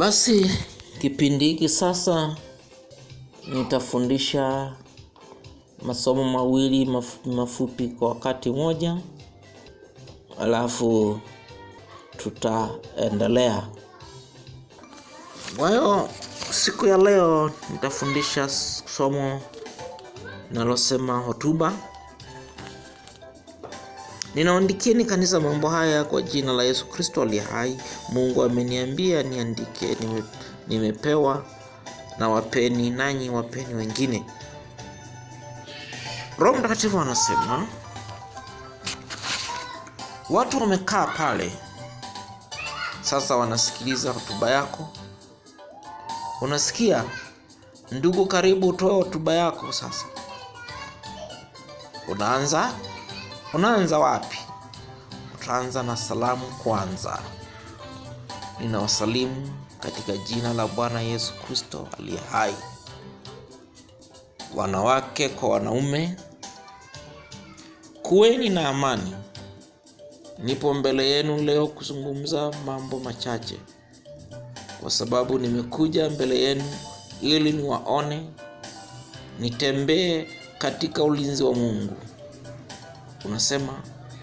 Basi kipindi hiki sasa nitafundisha masomo mawili mafupi kwa wakati moja, alafu tutaendelea. Kwa hiyo siku ya leo nitafundisha somo nalosema hotuba. Ninaandikieni kanisa mambo haya kwa jina la Yesu Kristo aliye hai. Mungu ameniambia niandike, nime, nimepewa na wapeni, nanyi wapeni wengine. Roho Mtakatifu anasema watu wamekaa pale sasa, wanasikiliza hotuba yako. Unasikia ndugu, karibu utoe hotuba yako sasa. Unaanza Unaanza wapi? Utaanza na salamu kwanza. Ninawasalimu katika jina la Bwana Yesu Kristo aliye hai, wanawake kwa wanaume, kuweni na amani. Nipo mbele yenu leo kuzungumza mambo machache, kwa sababu nimekuja mbele yenu ili niwaone, nitembee katika ulinzi wa Mungu unasema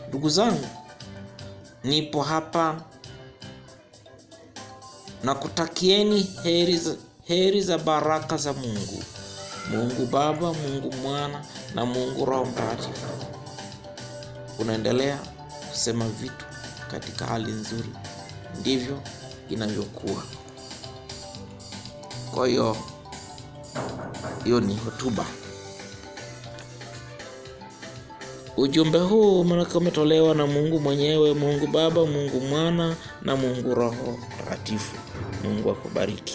ndugu zangu, nipo hapa na kutakieni heri za, heri za baraka za Mungu, Mungu Baba, Mungu Mwana na Mungu Roho Mtakatifu. Unaendelea kusema vitu katika hali nzuri, ndivyo inavyokuwa. Kwa hiyo hiyo ni hotuba. Ujumbe huu manake umetolewa na Mungu mwenyewe, Mungu Baba, Mungu Mwana na Mungu Roho Mtakatifu. Mungu akubariki.